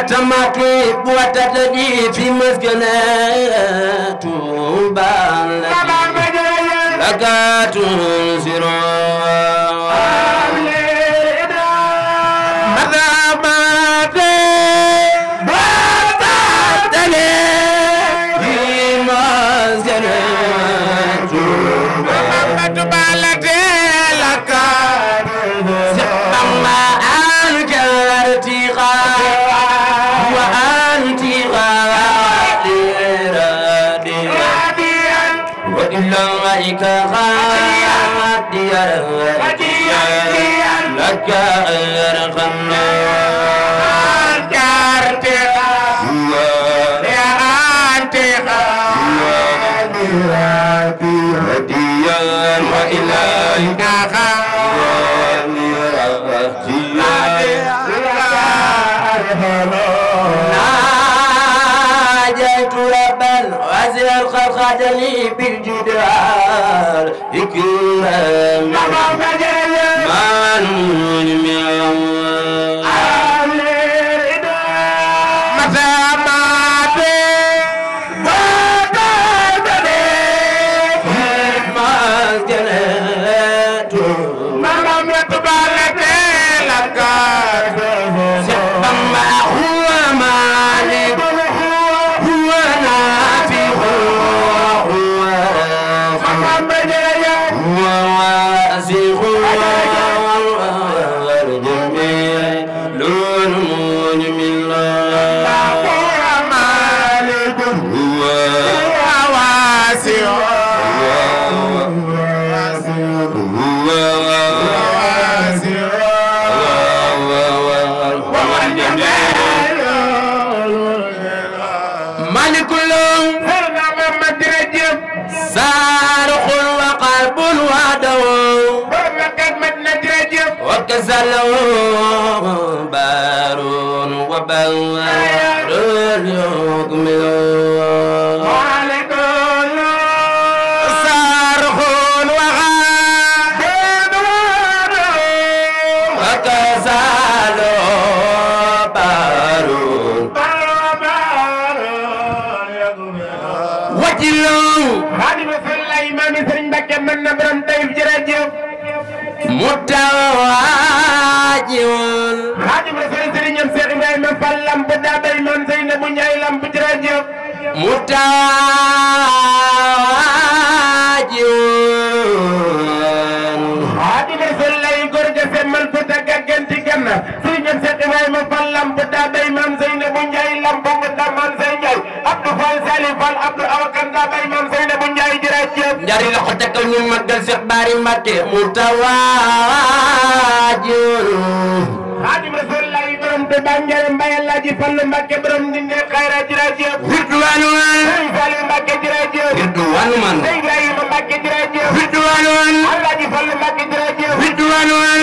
تماتيب وتتدي في مسكنات بان لك تنزرون عليك غاديا لك يرحمنا Yeah. ربا وازهى الخلق لي بالجدال من محمد من من آه. كلهم سرنا صارخ وقلب وعدو حرمة بارون وبوار يكملون آية. mutawaajiun xaadim la sëriñ sëriñ ñam Cheikh Ibrahima Fall lamb daa bay noon Seynabu Njaay lamb ci rajo mutawaajiun xaadim la sol lay góor ga semmal bu dagga genti ganna sëriñ ñam Cheikh Ibrahima Fall lamb daa bay noon Seynabu Njaay lamb mu damaan Sey Njaay Abdou Fall Sali Fall Abdou Awakan daa bay noon Seynabu Njaay ci rajo ñaari Mbàkke mutawaajul xaadim rasul lay borom te bànjare mbay Alaaji Fallu Mbàkke borom ndinde xayra jërëjëf ridwaanu man sëñ Fallu Mbàkke jërëjëf ridwaanu man sëñ Ibrahima Mbàkke jërëjëf ridwaanu man Alaaji Fallu Mbàkke jërëjëf ridwaanu man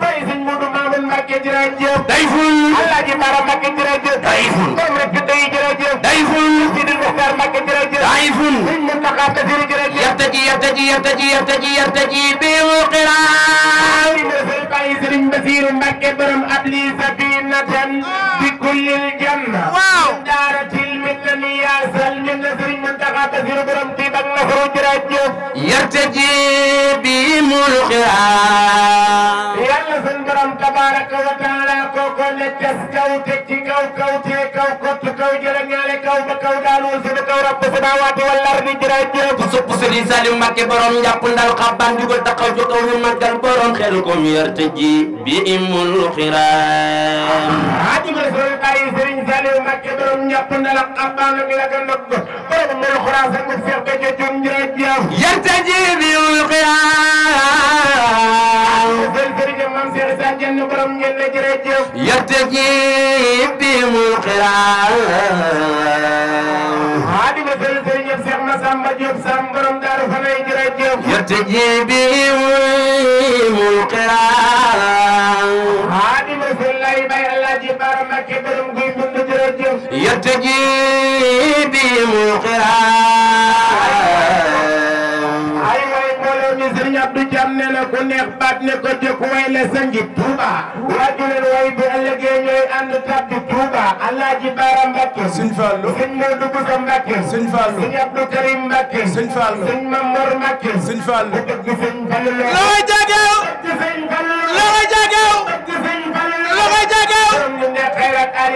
tay sëñ Modou Mamoun Mbacké jërëjëf day ful Alaaji Bara Mbacké jërëjëf day ful doom rek day jërëjëf day ful Sidi Muxtaar Mbacké jërëjëf day ful sëñ Mountakha Bassirou jërëjëf yartaji yartaji yartaji yartaji yartaji biu qiraa bay sëriñ Bassirou Mbacké borom abli safinatan ah. bi kullil ñaale kaw ba kaw daanu si ba kaw rab ba samaawaati wal ardi jiraay jiraay fa supp Serigne Saliou Mbacké borom njàpp ndal xabban jugal taxaw ci kaw ñu màggal borom xel ko mu yar tëji bi imul xiraam ajugal soo bàyyi Serigne Saliou Mbacké borom njàpp ndal xabban ak la ga nag borom mul xuraam sa ngut seex ka jëjum jiraay jiraay yar tëji bi imul xiraam ah, borom ngeen ne jërëjëf yartajib bihimul qiraam haadima sëriñ Alaaji Baara Mbakke guy mbind jërëjëf yartajib Wade ne ko jëkk way la sangi Touba wàccu leen way bi ëllëgee ñooy ànd tàbbi Touba Alaaji Baara Mbàkke Sëñ Fallu Sëñ Moodu Buso Mbàkke Sëñ Fallu Sëñ Abdou Karim Mbàkke Sëñ Fallu Sëñ Mamor Mbàkke Sëñ Fallu dëgg Sëñ Fallu loo jege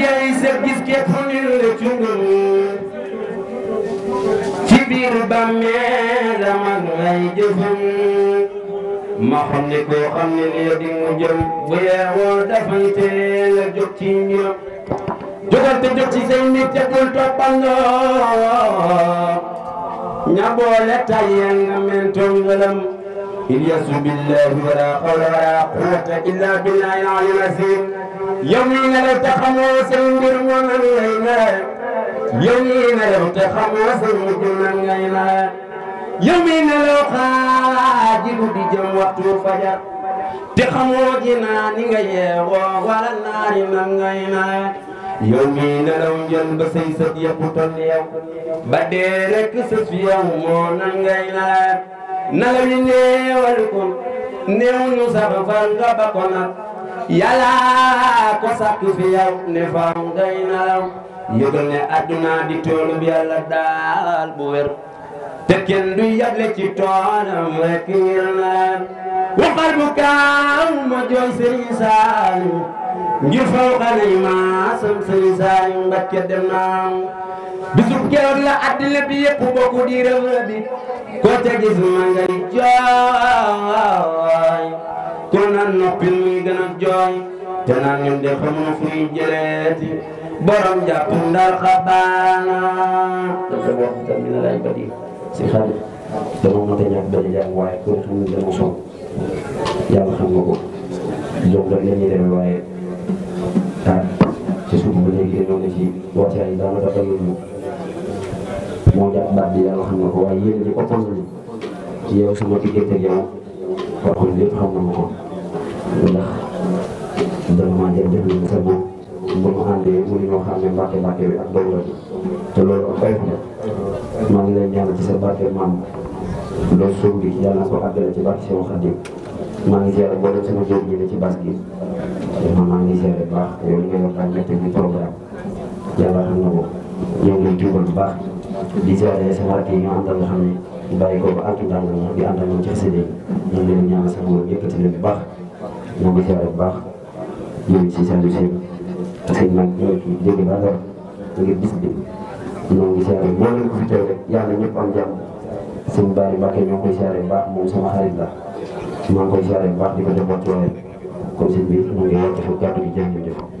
jeey sa gis gépp ni la cungum ci biir bàmmeelam ak lay jëfam ma xam ne koo xam ne lii di mu jëm bu yeewoo dafay teel a jóg ci mbiram jógal te jóg ci say nit te bul toppandoo ña boole tayeen nga mentoon ngëlam إلياس بالله ولا قول ولا قوة إلا بالله العلي العظيم يومين لو تخموا سندر ومن غينا يومين لو تخموا سندر من غينا يومين لو خاجب بجم وقت الفجر تخموا جنان غيا ولا نار من غينا يومين لو جنب سيسد يقتل يوم بدرك سفيا ومونا غينا nanga ñu néewal ko néew nu sax fal nga ba ko nag yàlla ko sàkk fi yow ne faaw ngay nalaw yëgal ne adduna di toolub yàlla daal bu wér te kenn du yable ci toolam rek ngir nalaw waxal bu kaaw ma jooy Serigne Saliou ngir faw xale ma sam Serigne Saliou Mbacké dem naaw bisub keroog la addina bi yëpp bokku di rëb bi ko te gis ma ngay jooy kon naan noppil muy gën a jooy te naan ñun de xamuñu fu ñu jëleeti borom jàpp ndar xabaana dafa wax tamit lay bari si xale dama mën a ñàkk a jàng waaye ku ne xam ne dama sonn yàlla xam nga ko jom rek la ñuy demee waaye taal ah, ci suuf ba moo iya, iya. ya? di ab di yàlla xam na ko waaye yéen ñi opposé wu ci yow sama diggante ak yow waxoon lépp xam na ma ko ndax vraiment jërëjëf nañu sa moom ba mu àndee mënuñoo xam ne mbàkke mbàkke bi ak doom la te loolu ak ay sama di jaaree sa barke yi nga baik nga xam ne bàyyi ko ba àgg ndànk di àndal moom ci xasida yi ñu ngi leen ñaan sa nguur yëkkati leen bu baax ñoo ngi jaare bu baax ñoom ci seen seen seen mag ñoo ci jóge ba lor ngir bis bi ñoo ngi jaare boo ko fi rek am bari koy sama xarit la koy di ko ci bi ngi ñu